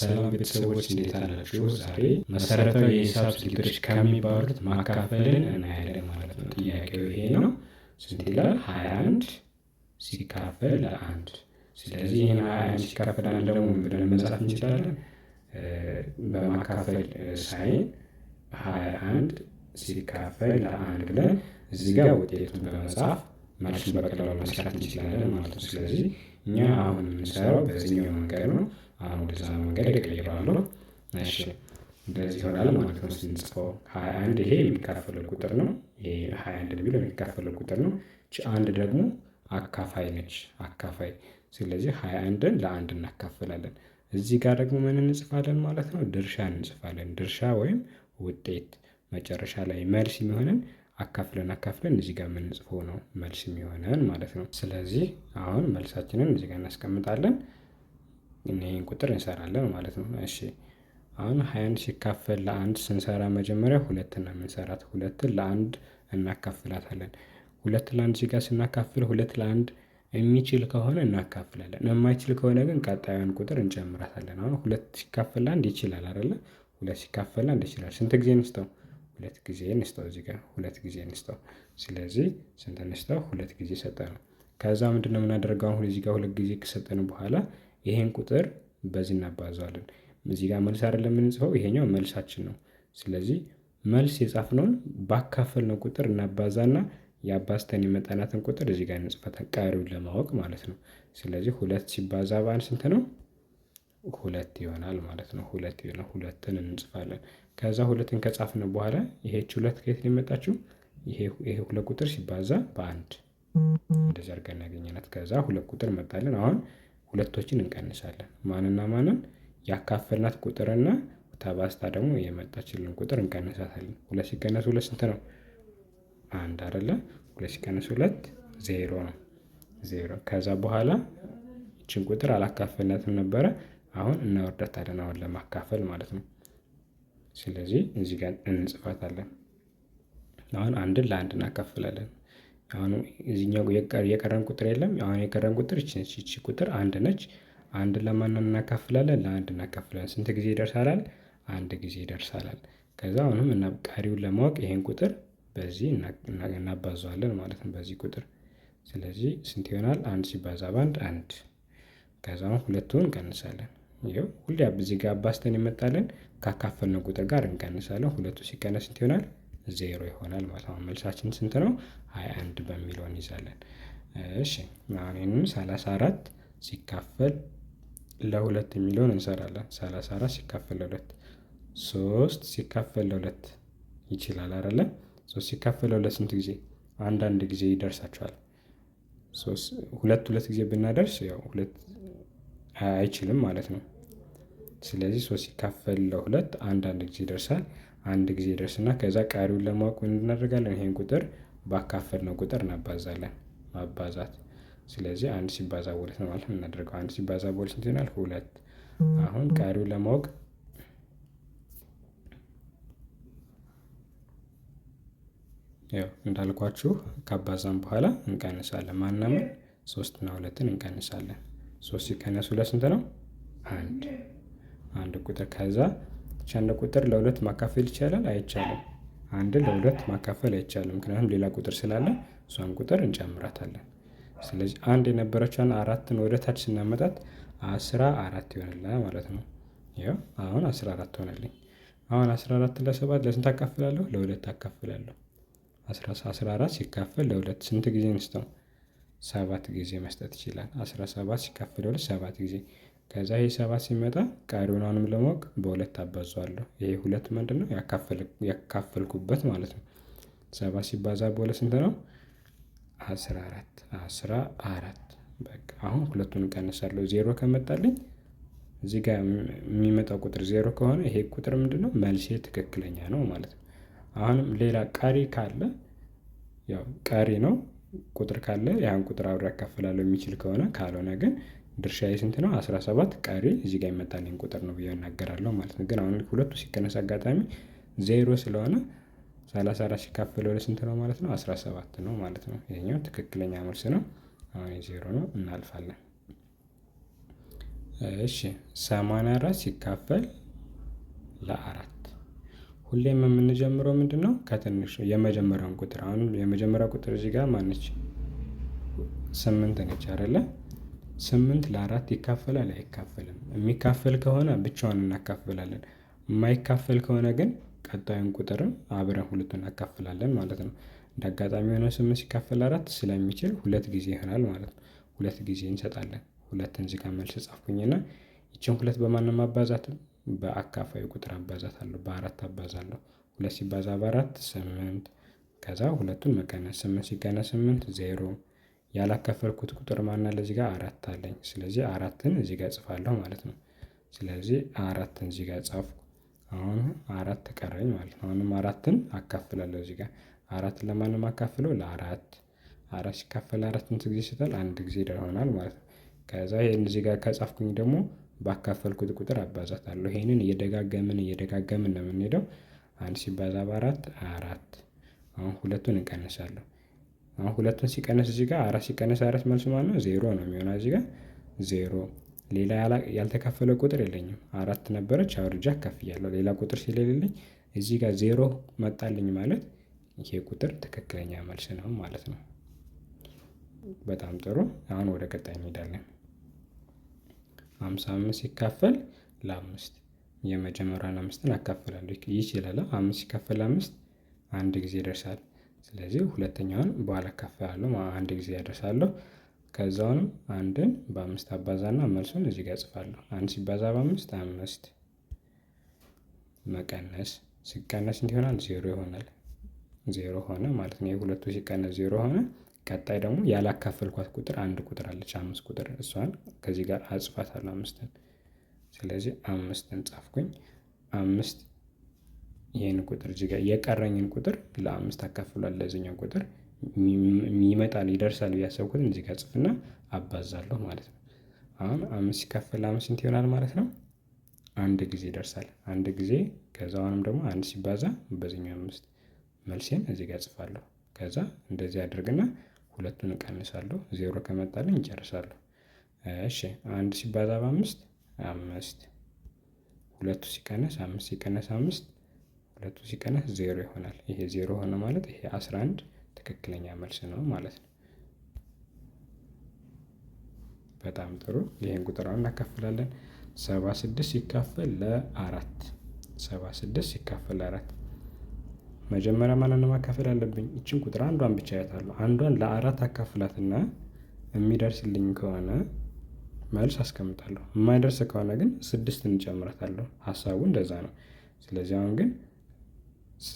ሰላም ቤተሰቦች እንዴት አላችሁ? ዛሬ መሰረታዊ የሂሳብ ስሌቶች ከሚባሉት ማካፈልን እናያለን ማለት ነው። ጥያቄው ይሄ ነው። ስንት ይላል? ሀያ አንድ ሲካፈል ለአንድ። ስለዚህ ይህን ሀያ አንድ ሲካፈል አንድ ደግሞ ብለን መጻፍ እንችላለን። በማካፈል ሳይን ሀያ አንድ ሲካፈል ለአንድ ብለን እዚህ ጋር ውጤቱን በመጻፍ መልሱን በቀላሉ መስራት እንችላለን ማለት ነው። ስለዚህ እኛ አሁን የምንሰራው በዚህኛው መንገድ ነው። አሁን ወደዛ መንገድ እቀይረዋለሁ። እሺ እንደዚህ ይሆናል ማለት ነው ስንጽፈው ሀያ አንድ ይሄ የሚካፈለው ቁጥር ነው። ይሄ ሀያ አንድ የሚለው የሚካፈለው ቁጥር ነው። ች አንድ ደግሞ አካፋይ ነች፣ አካፋይ ስለዚህ ሀያ አንድን ለአንድ እናካፍላለን። እዚህ ጋር ደግሞ ምን እንጽፋለን ማለት ነው? ድርሻ እንጽፋለን። ድርሻ ወይም ውጤት መጨረሻ ላይ መልስ የሚሆንን አካፍለን አካፍለን እዚህ ጋር የምንጽፈው ነው መልስ የሚሆነን ማለት ነው። ስለዚህ አሁን መልሳችንን እዚህ ጋር እናስቀምጣለን። እና ይሄን ቁጥር እንሰራለን ማለት ነው። እሺ አሁን ሀያን ሲካፈል ለአንድ ስንሰራ መጀመሪያ ሁለት ነው የምንሰራት። ሁለትን ለአንድ እናካፍላታለን። ሁለት ለአንድ ዚጋ ስናካፍል ሁለት ለአንድ የሚችል ከሆነ እናካፍላለን። የማይችል ከሆነ ግን ቀጣዩን ቁጥር እንጨምራታለን። አሁን ሁለት ሲካፈል ለአንድ ይችላል አይደለ? ሁለት ሲካፈል ለአንድ ይችላል። ስንት ጊዜ እንስጠው? ሁለት ጊዜ እንስጠው። እዚህ ጋር ሁለት ጊዜ እንስጠው። ስለዚህ ስንት እንስጠው? ሁለት ጊዜ ሰጠነው። ከዛ ምንድነው የምናደርገው? አሁን እዚህ ጋር ሁለት ጊዜ ከሰጠን በኋላ ይሄን ቁጥር በዚህ እናባዛለን። እዚህ ጋር መልስ አይደለም የምንጽፈው፣ ይሄኛው መልሳችን ነው። ስለዚህ መልስ የጻፍነውን ባካፈልነው ቁጥር እናባዛና የአባዝተን የመጣናትን ቁጥር እዚህ ጋር እንጽፈታል፣ ቀሪውን ለማወቅ ማለት ነው። ስለዚህ ሁለት ሲባዛ በአንድ ስንት ነው? ሁለት ይሆናል ማለት ነው። ሁለት ይሆናል። ሁለትን እንጽፋለን። ከዛ ሁለትን ከጻፍነ በኋላ ይሄች ሁለት ከየት ነው የመጣችው? ይሄ ሁለት ቁጥር ሲባዛ በአንድ እንደዚህ አድርገን እናገኘናት። ከዛ ሁለት ቁጥር መጣለን አሁን ሁለቶችን እንቀንሳለን ማንና ማንን ያካፈልናት ቁጥርና ተባዝታ ደግሞ የመጣችልን ቁጥር እንቀንሳታለን። ሁለት ሲቀነስ ሁለት ስንት ነው? አንድ አይደለ? ሁለት ሲቀነስ ሁለት ዜሮ ነው። ዜሮ ከዛ በኋላ ይችን ቁጥር አላካፈልናትም ነበረ። አሁን እናወርዳታለን፣ አሁን ለማካፈል ማለት ነው። ስለዚህ እዚህ ጋር እንጽፋታለን። አሁን አንድን ለአንድ እናካፍላለን። አሁን የቀረን ቁጥር የለም። አሁን የቀረን ቁጥር ይቺ ነች። ቁጥር አንድ ነች። አንድ ለማን እናካፍላለን? ለአንድ እናካፍላለን። ስንት ጊዜ ይደርሳላል? አንድ ጊዜ ይደርሳላል። ከዛ አሁንም ቀሪውን ለማወቅ ይሄን ቁጥር በዚህ እናባዛዋለን ማለት ነው፣ በዚህ ቁጥር። ስለዚህ ስንት ይሆናል? አንድ ሲባዛ በአንድ አንድ። ከዛ አሁን ሁለቱን እንቀንሳለን። ይኸው ሁሌ እዚህ ጋር አባስተን የመጣለን ካካፈልነው ቁጥር ጋር እንቀንሳለን። ሁለቱ ሲቀነስ ስንት ይሆናል? ዜሮ ይሆናል ማለት ነው። መልሳችን ስንት ነው? ሀያ አንድ በሚለው እንይዛለን። እሺ አሁን ይህንም ሰላሳ አራት ሲካፈል ለሁለት የሚለውን እንሰራለን። ሰላሳ አራት ሲካፈል ለሁለት ሶስት ሲካፈል ለሁለት ይችላል አይደለ? ሶስት ሲካፈል ለሁለት ስንት ጊዜ? አንዳንድ ጊዜ ይደርሳቸዋል። ሁለት ሁለት ጊዜ ብናደርስ ያው ሁለት አይችልም ማለት ነው። ስለዚህ ሶስት ሲካፈል ለሁለት አንዳንድ ጊዜ ይደርሳል። አንድ ጊዜ ይደርስና ከዛ ቀሪውን ለማወቅ ምን እናደርጋለን? ይሄን ቁጥር ነው ቁጥር እናባዛለን። ማባዛት ስለዚህ አንድ ሲባዛ በሁለት ነው ማለት እናደርገው። አንድ ሲባዛ በሁለት ስንት ይሆናል? ሁለት። አሁን ቀሪውን ለማወቅ ያው እንዳልኳችሁ ካባዛን በኋላ እንቀንሳለን። ማናምን ሶስትና ሁለትን እንቀንሳለን። ሶስት ሲቀነስ ሁለት ስንት ነው? አንድ አንድ ቁጥር ከዛ ብቻ አንድ ቁጥር ለሁለት ማካፈል ይቻላል አይቻልም? አንድ ለሁለት ማካፈል አይቻልም፣ ምክንያቱም ሌላ ቁጥር ስላለ እሷን ቁጥር እንጨምራታለን። ስለዚህ አንድ የነበረችውን አራትን ወደ ታች ስናመጣት አስራ አራት ይሆንላ ማለት ነው። ያው አሁን አስራ አራት ሆነልኝ። አሁን አስራ አራት ለሰባት ለስንት አካፍላለሁ? ለሁለት አካፍላለሁ። አስራ አራት ሲካፈል ለሁለት ስንት ጊዜ እንስተው? ሰባት ጊዜ መስጠት ይችላል። አስራ ሰባት ሲካፈል ለሁለት ሰባት ጊዜ ከዛ ይሄ ሰባት ሲመጣ ቀሪውን ለማወቅ በሁለት አባዛዋለሁ። ይሄ ሁለት ምንድነው? ያካፈልኩበት ማለት ነው። ሰባ ሲባዛ በሁለት ስንት ነው? አስራ አራት አስራ አራት በቃ አሁን ሁለቱን እቀንሳለሁ። ዜሮ ከመጣልኝ እዚህ ጋር የሚመጣው ቁጥር ዜሮ ከሆነ ይሄ ቁጥር ምንድነው? መልሴ ትክክለኛ ነው ማለት ነው። አሁንም ሌላ ቀሪ ካለ ያው ቀሪ ነው ቁጥር ካለ ያን ቁጥር አብሮ ያካፍላለሁ የሚችል ከሆነ ካልሆነ ግን ድርሻ ስንት ነው? 17 ቀሪ እዚህ ጋር ይመጣልኝ ቁጥር ነው ብዬ እናገራለሁ ማለት ነው። ግን አሁን ሁለቱ ሲቀነስ አጋጣሚ ዜሮ ስለሆነ 34 ሲካፈል ወደ ስንት ነው ማለት ነው? 17 ነው ማለት ነው። ይሄኛው ትክክለኛ መልስ ነው። አሁን ዜሮ ነው እናልፋለን። እሺ 84 ሲካፈል ለአራት ሁሌም የምንጀምረው ምንድን ነው? ከትንሽ የመጀመሪያውን ቁጥር አሁን የመጀመሪያ ቁጥር እዚህ ጋር ማነች? ስምንት ነች አይደለ? ስምንት ለአራት ይካፈላል አይካፈልም? የሚካፈል ከሆነ ብቻውን እናካፍላለን። የማይካፈል ከሆነ ግን ቀጣዩን ቁጥርም አብረን ሁለቱ እናካፍላለን ማለት ነው። እንደ አጋጣሚ የሆነ ስምንት ሲካፈል አራት ስለሚችል ሁለት ጊዜ ይሆናል ማለት ነው። ሁለት ጊዜ እንሰጣለን። ሁለትን ዚጋ መልስ ጻፍኩኝና ይችን ሁለት በማን ማባዛት? በአካፋዩ ቁጥር አባዛታለሁ። በአራት አባዛለሁ። ሁለት ሲባዛ በአራት ስምንት። ከዛ ሁለቱን መቀነስ ስምንት ሲቀነስ ስምንት ዜሮ ያላከፈልኩት ቁጥር ማና ለዚህ ጋር አራት አለኝ። ስለዚህ አራትን እዚህ ጋር ጽፋለሁ ማለት ነው። ስለዚህ አራትን እዚህ ጋር ጻፍኩ። አሁን አራት ተቀረኝ ማለት ነው። አሁንም አራትን አካፍላለሁ እዚህ ጋር አራትን ለማንም አካፍለው ለአራት አራት ሲካፈል አራት ስንት ጊዜ ሲባል አንድ ጊዜ ይሆናል ማለት ነው። ከዛ ይህን እዚህ ጋር ከጻፍኩኝ ደግሞ ባካፈልኩት ቁጥር አባዛታለሁ። ይህንን እየደጋገምን እየደጋገምን ነው የምንሄደው። አንድ ሲባዛ በአራት አራት። አሁን ሁለቱን እንቀንሳለሁ አሁን ሁለቱን ሲቀንስ እዚህ ጋር አራት ሲቀንስ አራት መልሱ ማለት ነው ዜሮ ነው የሚሆነው። እዚህ ጋር ዜሮ። ሌላ ያልተካፈለ ቁጥር የለኝም። አራት ነበረች አውርጃ አካፍያለሁ። ሌላ ቁጥር ስለሌለኝ እዚህ ጋር ዜሮ መጣልኝ ማለት ይሄ ቁጥር ትክክለኛ መልስ ነው ማለት ነው። በጣም ጥሩ። አሁን ወደ ቀጣይ እንሄዳለን። አምሳ አምስት ሲካፈል ለአምስት የመጀመሪያን አምስትን አካፍላለሁ። ይችላል። አምስት ሲካፈል ለአምስት አንድ ጊዜ ይደርሳል። ስለዚህ ሁለተኛውን በኋላ ከፍ ያለው አንድ ጊዜ ያደርሳለሁ። ከዛውንም አንድን በአምስት አባዛና መልሱን እዚህ ጋር እጽፋለሁ አንድ ሲባዛ በአምስት አምስት መቀነስ ሲቀነስ እንዲሆናል ዜሮ ይሆናል ዜሮ ሆነ ማለት ነው። የሁለቱ ሲቀነስ ዜሮ ሆነ። ቀጣይ ደግሞ ያላካፈልኳት ቁጥር አንድ ቁጥር አለች አምስት ቁጥር እሷን ከዚህ ጋር አጽፋታለሁ አምስትን ስለዚህ አምስትን ጻፍኩኝ። አምስት ይህን ቁጥር እዚህ ጋር የቀረኝን ቁጥር ለአምስት አካፍሏል ለዚህኛው ቁጥር ይመጣል ይደርሳል ብያሰብኩትን እዚህ ጋር ጽፍና አባዛለሁ ማለት ነው። አሁን አምስት ሲካፈል ለአምስት ስንት ይሆናል ማለት ነው? አንድ ጊዜ ይደርሳል። አንድ ጊዜ ከዛ አሁንም ደግሞ አንድ ሲባዛ በዚኛው አምስት መልሴን እዚህ ጋር ጽፋለሁ። ከዛ እንደዚህ አድርግና ሁለቱን እቀንሳለሁ። ዜሮ ከመጣልኝ እጨርሳለሁ። እሺ አንድ ሲባዛ በአምስት አምስት ሁለቱ ሲቀነስ አምስት ሲቀነስ አምስት ሁለቱ ሲቀነስ ዜሮ ይሆናል። ይሄ ዜሮ ሆነ ማለት ይሄ 11 ትክክለኛ መልስ ነው ማለት ነው። በጣም ጥሩ። ይህን ቁጥር እናካፍላለን። 76 ሲካፈል ለአራት 76 ሲካፈል ለአራት መጀመሪያ ማለት ማካፈል አለብኝ። እችን ቁጥር አንዷን ብቻ ያታለሁ። አንዷን ለአራት አካፍላትና የሚደርስልኝ ከሆነ መልስ አስቀምጣለሁ። የማይደርስ ከሆነ ግን ስድስት እንጨምረታለሁ። ሀሳቡ እንደዛ ነው። ስለዚህ አሁን ግን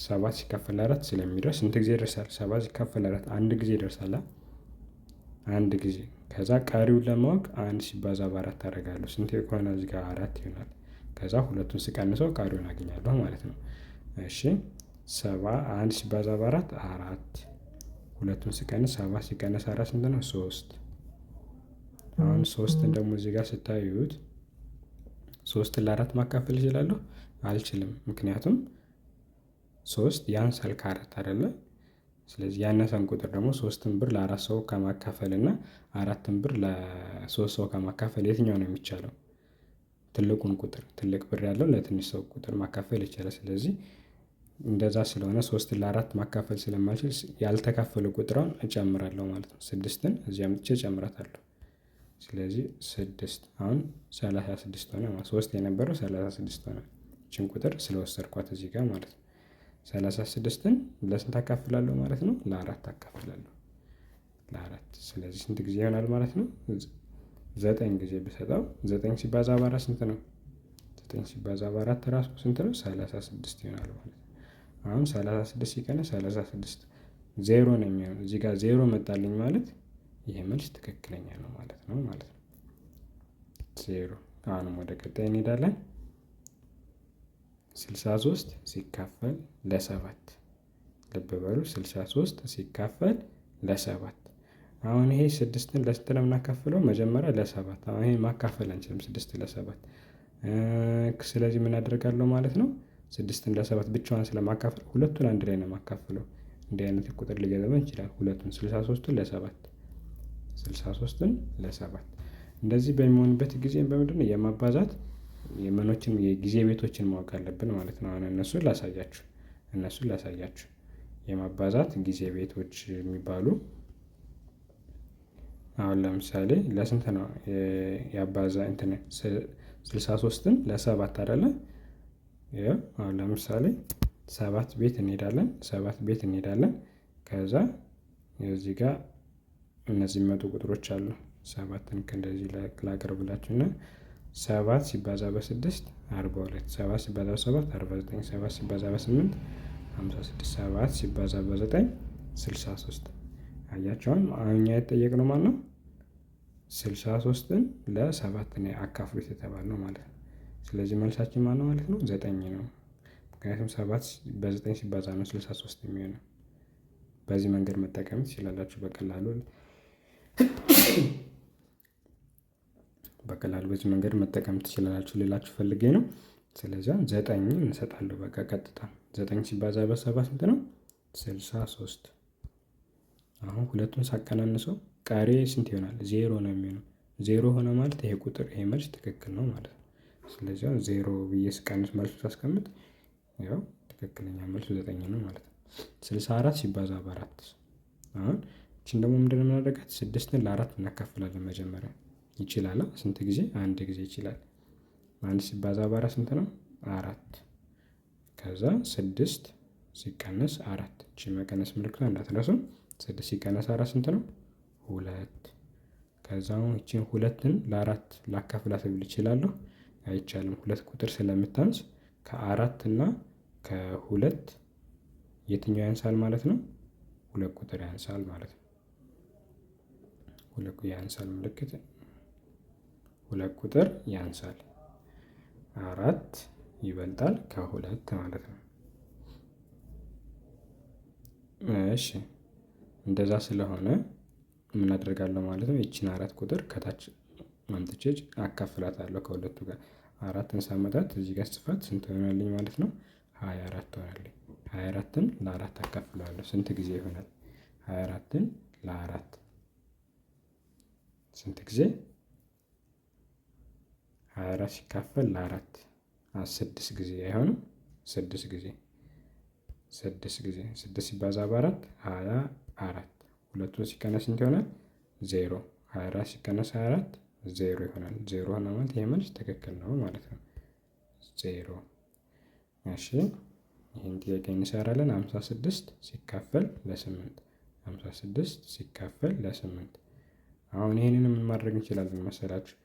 ሰባት ሲካፈል አራት ስለሚደርስ ስንት ጊዜ ይደርሳል? ሰባት ሲካፈል አራት አንድ ጊዜ ይደርሳል። አንድ ጊዜ ከዛ ቀሪውን ለማወቅ አንድ ሲባዛ በአራት አደርጋለሁ። ስንት ከሆነ እዚህ ጋር አራት ይሆናል። ከዛ ሁለቱን ስቀንሰው ቀሪውን አገኛለሁ ማለት ነው። እሺ ሰባ አንድ ሲባዛ በአራት አራት ሁለቱን ስቀንስ ሰባት ሲቀንስ አራት ስንት ነው? ሶስት አሁን ሶስትን ደግሞ እዚህ ጋር ስታዩት ሶስትን ለአራት ማካፈል እችላለሁ? አልችልም ምክንያቱም ሶስት ያንሳል ከአራት አይደለ? ስለዚህ ያነሰን ቁጥር ደግሞ ሶስትን ብር ለአራት ሰው ከማካፈል እና አራትን ብር ለሶስት ሰው ከማካፈል የትኛው ነው የሚቻለው? ትልቁን ቁጥር ትልቅ ብር ያለው ለትንሽ ሰው ቁጥር ማካፈል ይቻላል። ስለዚህ እንደዛ ስለሆነ ሶስትን ለአራት ማካፈል ስለማልችል ያልተካፈለ ቁጥሯን እጨምራለሁ ማለት ነው። ስድስትን እዚህ አምጥቼ እጨምራታለሁ። ስለዚህ ስድስት አሁን ሰላሳ ስድስት ሆነ። ሶስት የነበረው ሰላሳ ስድስት ሆነ። ይችን ቁጥር ስለወሰድኳት እዚህ ጋር ማለት ነው። ሰላሳ ስድስትን ለስንት አካፍላለሁ ማለት ነው? ለአራት አካፍላለሁ። ለአራት ስለዚህ ስንት ጊዜ ይሆናል ማለት ነው? ዘጠኝ ጊዜ ብሰጠው ዘጠኝ ሲባዛ በአራት ስንት ነው? ዘጠኝ ሲባዛ በአራት ራሱ ስንት ነው? ሰላሳ ስድስት ይሆናል ማለት ነው። አሁን ሰላሳ ስድስት ሲቀነስ ሰላሳ ስድስት ዜሮ ነው የሚሆነው። እዚህ ጋር ዜሮ መጣልኝ ማለት ይህ መልስ ትክክለኛ ነው ማለት ነው ማለት ነው ዜሮ። አሁንም ወደ ቀጣይ እንሄዳለን። 63 ሲካፈል ለሰባት ልብ በሉ 63 ሲካፈል ለሰባት አሁን ይሄ ስድስትን ለስንት ነው የምናካፍለው? መጀመሪያ ለሰባት አሁን ይሄ ማካፈል አንችልም ስድስት ለሰባት ስለዚህ ምን አደርጋለሁ ማለት ነው ስድስትን ለሰባት ብቻዋን ስለማካፈል ሁለቱን አንድ ላይ ነው የማካፍለው። እንዲህ አይነት ቁጥር ሊገጥመን ይችላል። ሁለቱን 63ቱን ለሰባት 63ን ለሰባት እንደዚህ በሚሆንበት ጊዜ በምንድን ነው የማባዛት የመኖችን የጊዜ ቤቶችን ማወቅ አለብን ማለት ነው። አሁን እነሱን ላሳያችሁ እነሱን ላሳያችሁ የማባዛት ጊዜ ቤቶች የሚባሉ አሁን ለምሳሌ ለስንት ነው ያባዛ እንትን ስልሳ ሶስትን ለሰባት አይደለ? አሁን ለምሳሌ ሰባት ቤት እንሄዳለን ሰባት ቤት እንሄዳለን ከዛ እዚህ ጋር እነዚህ መጡ ቁጥሮች አሉ ሰባትን ከእንደዚህ ላቅርብላችሁና ሰባት ሲባዛ በስድስት አርባ ሁለት ሰባት ሲባዛ በሰባት አርባ ዘጠኝ ሰባት ሲባዛ በስምንት ሀምሳ ስድስት ሰባት ሲባዛ በዘጠኝ ስልሳ ሶስት አያቸውን እኛ የተጠየቅነው ማለት ነው ስልሳ ሶስትን ለሰባት አካፍሉት የተባልነው ማለት ነው። ስለዚህ መልሳችን ማነው ማለት ነው ዘጠኝ ነው። ምክንያቱም ሰባት በዘጠኝ ሲባዛ ነው ስልሳ ሶስት የሚሆነው። በዚህ መንገድ መጠቀም ትችላላችሁ በቀላሉ ይስተካከላል። በዚህ መንገድ መጠቀም ትችላላችሁ ልላችሁ ፈልጌ ነው። ስለዚያ ዘጠኝ እንሰጣለሁ። በቃ ቀጥታ ዘጠኝ ሲባዛ በሰባ ስንት ነው? ስልሳ ሶስት አሁን ሁለቱን ሳቀናንሰው ቀሪ ስንት ይሆናል? ዜሮ ነው የሚሆነው። ዜሮ ሆነ ማለት ይሄ ቁጥር ይሄ መልስ ትክክል ነው ማለት ነው። ስለዚያ ዜሮ ብዬ ስቀንስ መልሱ ሳስቀምጥ ያው ትክክለኛ መልሱ ዘጠኝ ነው ማለት ነው። ስልሳ አራት ሲባዛ በአራት አሁን እችን ደግሞ ምንድን ነው የምናደርጋት? ስድስትን ለአራት እናካፍላለን መጀመሪያ ይችላል። ስንት ጊዜ? አንድ ጊዜ ይችላል። አንድ ሲባዛ በአራት ስንት ነው? አራት። ከዛ ስድስት ሲቀነስ አራት እቺ መቀነስ ምልክቷ እንዳትረሱ። ስድስት ሲቀነስ አራት ስንት ነው? ሁለት። ከዛው እቺን ሁለትን ለአራት ላካፍላት ብል ይችላለሁ? አይቻልም። ሁለት ቁጥር ስለምታንስ ከአራት እና ከሁለት የትኛው ያንሳል ማለት ነው? ሁለት ቁጥር ያንሳል ማለት ነው። ሁለት ያንሳል ምልክት ነው። ሁለት ቁጥር ያንሳል። አራት ይበልጣል ከሁለት ማለት ነው። እሺ እንደዛ ስለሆነ ምን አደርጋለሁ ማለት ነው። ይችን አራት ቁጥር ከታች አምጥቼ አካፍላታለሁ ከሁለቱ ጋር አራትን ሳመጣት እዚህ ጋር ስፋት ስንት ሆናለኝ ማለት ነው? ሀያ አራት ሆናለኝ። ሀያ አራትን ለአራት አካፍላለሁ ስንት ጊዜ ይሆናል? ሀያ አራትን ለአራት ስንት ጊዜ ሃያ አራት ሲካፈል ለአራት ስድስት ጊዜ አይሆንም ስድስት ጊዜ ስድስት ጊዜ ስድስት ሲባዛ በአራት ሃያ አራት ሁለቱ ሲቀነስ እንት ይሆናል? ዜሮ ሃያ አራት ሲቀነስ ሃያ አራት ዜሮ ይሆናል። ዜሮ ሆነ ማለት ይህ መልስ ትክክል ነው ማለት ነው። ዜሮ። እሺ ይህን ጥያቄ እንሰራለን። ሃምሳ ስድስት ሲካፈል ለስምንት ሃምሳ ስድስት ሲካፈል ለስምንት አሁን ይህንን ምን ማድረግ እንችላለን መሰላችሁ?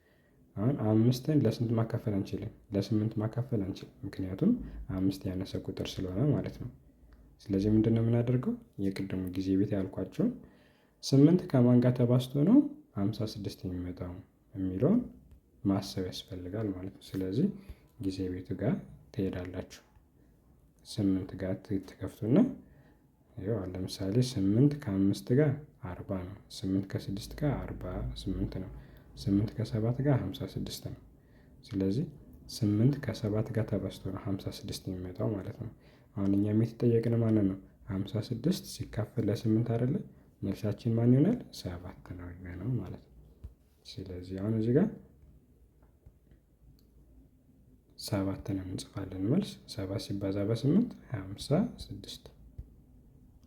አሁን አምስትን ለስንት ማካፈል አንችልም? ለስምንት ማካፈል አንችልም። ምክንያቱም አምስት ያነሰ ቁጥር ስለሆነ ማለት ነው። ስለዚህ ምንድን ነው የምናደርገው? የቅድሙ ጊዜ ቤት ያልኳቸውን ስምንት ከማን ጋር ተባስቶ ነው አምሳ ስድስት የሚመጣው የሚለውን ማሰብ ያስፈልጋል ማለት ነው። ስለዚህ ጊዜ ቤቱ ጋር ትሄዳላችሁ። ስምንት ጋር ትከፍቱና ይኸው ለምሳሌ ስምንት ከአምስት ጋር አርባ ነው። ስምንት ከስድስት ጋር አርባ ስምንት ነው። ስምንት ከሰባት ጋር ሀምሳ ስድስት ነው። ስለዚህ ስምንት ከሰባት ጋር ተበስቶ ነው ሀምሳ ስድስት የሚመጣው ማለት ነው። አሁን እኛም የተጠየቅን ማንን ነው? ሀምሳ ስድስት ሲካፈል ለስምንት አይደለ? መልሳችን ማን ይሆናል? ሰባት ነው የሚሆነው ማለት ነው። ስለዚህ አሁን እዚህ ጋር ሰባትን የምንጽፋለን። መልስ ሰባት ሲባዛ በስምንት ሀምሳ ስድስት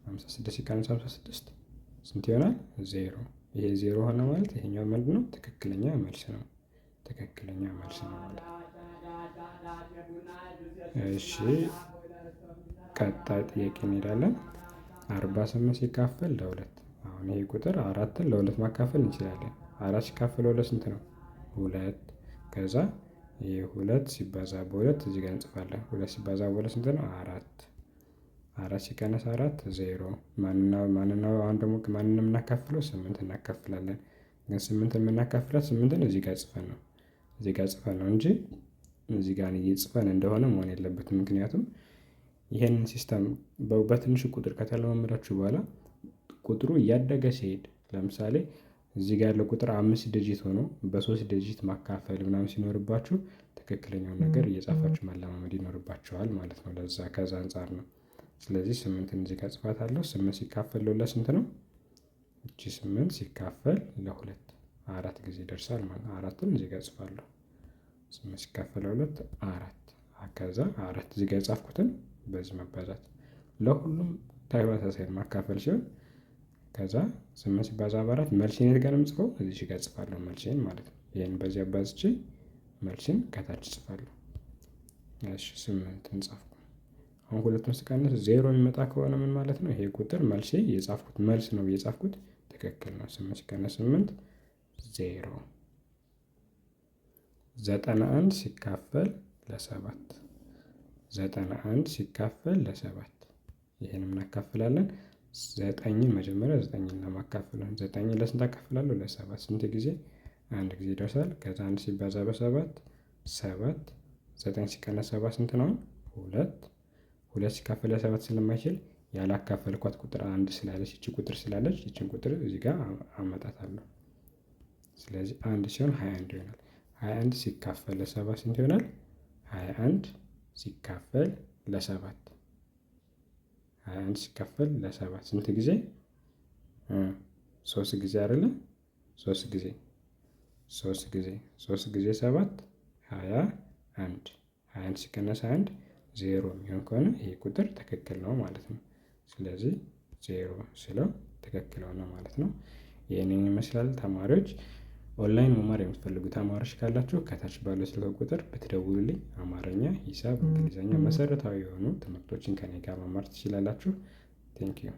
ሀምሳ ስድስት ሲቀነስ ሀምሳ ስድስት ስንት ይሆናል? ዜሮ ይሄ ዜሮ ሆነ ማለት ይሄኛው ምንድነው? ትክክለኛ መልስ ነው። ትክክለኛ መልስ ነው ማለት እሺ ቀጣይ ጥያቄ እንሄዳለን። አርባ ስምንት ሲካፈል ለሁለት አሁን ይሄ ቁጥር አራትን ለሁለት ማካፈል እንችላለን። አራት ሲካፈል ለሁለት ስንት ነው? ሁለት ከዛ ይሄ ሁለት ሲባዛ በሁለት እዚህ ጋር እንጽፋለን። ሁለት ሲባዛ በሁለት ስንት ነው? አራት አራት ሲቀነስ አራት ዜሮ ማንናው አሁን ደግሞ ማንን የምናካፍለው ስምንት እናካፍላለን። ግን ስምንት የምናካፍላት ስምንትን እዚህ ጋር ጽፈን ነው እዚህ ጋር ጽፈን ነው እንጂ እዚህ ጋር ጽፈን እንደሆነ መሆን የለበትም። ምክንያቱም ይህንን ሲስተም በትንሽ ቁጥር ከተለማመዳችሁ በኋላ ቁጥሩ እያደገ ሲሄድ ለምሳሌ እዚህ ጋር ያለው ቁጥር አምስት ድጅት ሆኖ በሶስት ድጅት ማካፈል ምናምን ሲኖርባችሁ ትክክለኛውን ነገር እየጻፋችሁ መለማመድ ይኖርባችኋል ማለት ነው። ለዛ ከዛ አንጻር ነው። ስለዚህ ስምንትን እዚህ ጋር አለው። ስምንት ሲካፈል ለስንት ነው? እቺ ስምንት ሲካፈል ለሁለት አራት ጊዜ ይደርሳል ማለት ነው። አራትን እዚህ ጋር ጽፋለሁ። ስምንት ሲካፈል ለሁለት አራት። ከዛ አራት እዚህ ጋር የጻፍኩትን በዚህ መባዛት ለሁሉም ተመሳሳይ ማካፈል ሲሆን ከዛ ስምንት ሲባዛ በአራት መልሴን የት ጋር ነው የምጽፈው? እዚህ ጋር ጽፋለሁ መልሴን ማለት ነው። ይህን በዚህ አባዝቼ መልሴን ከታች ጽፋለሁ። እሺ ስምንት እንጻፍ አሁን ሁለቱን ስቀንስ ዜሮ የሚመጣ ከሆነ ምን ማለት ነው? ይሄ ቁጥር መልሴ የጻፍኩት መልስ ነው የጻፍኩት ትክክል ነው። ስምንት ሲቀነስ ስምንት ዜሮ። ዘጠና አንድ ሲካፈል ለሰባት ዘጠና አንድ ሲካፈል ለሰባት ይህን እናካፍላለን። ዘጠኝን መጀመሪያ ዘጠኝን ለማካፍለን ዘጠኝን ለስንት አካፍላለሁ? ለሰባት ስንት ጊዜ? አንድ ጊዜ ይደርሳል። ከዛ አንድ ሲባዛ በሰባት ሰባት። ዘጠኝ ሲቀነስ ሰባት ስንት ነው? ሁለት ሁለት ሲካፈል ሰባት ስለማይችል ያላካፈልኳት ቁጥር አንድ ስላለች ይቺ ቁጥር ስላለች ይችን ቁጥር እዚህ ጋር አመጣታለሁ። ስለዚህ አንድ ሲሆን ሀያ አንድ ይሆናል። ሀያ አንድ ሲካፈል ለሰባት ስንት ይሆናል? ሀያ አንድ ሲካፈል ለሰባት ሀያ አንድ ሲካፈል ለሰባት ስንት ጊዜ? ሶስት ጊዜ አይደለ? ሶስት ጊዜ ሶስት ጊዜ ሶስት ጊዜ ሰባት ሀያ አንድ ሀያ አንድ ሲቀነስ አንድ ዜሮ የሚሆን ከሆነ ይህ ቁጥር ትክክል ነው ማለት ነው። ስለዚህ ዜሮ ስለው ትክክል ሆነ ማለት ነው። ይህንን ይመስላል። ተማሪዎች ኦንላይን መማር የምትፈልጉ ተማሪዎች ካላችሁ ከታች ባለው ስልክ ቁጥር ብትደውሉልኝ አማርኛ፣ ሂሳብ፣ እንግሊዝኛ መሰረታዊ የሆኑ ትምህርቶችን ከኔ ጋር መማር ትችላላችሁ። ቴንኪዩ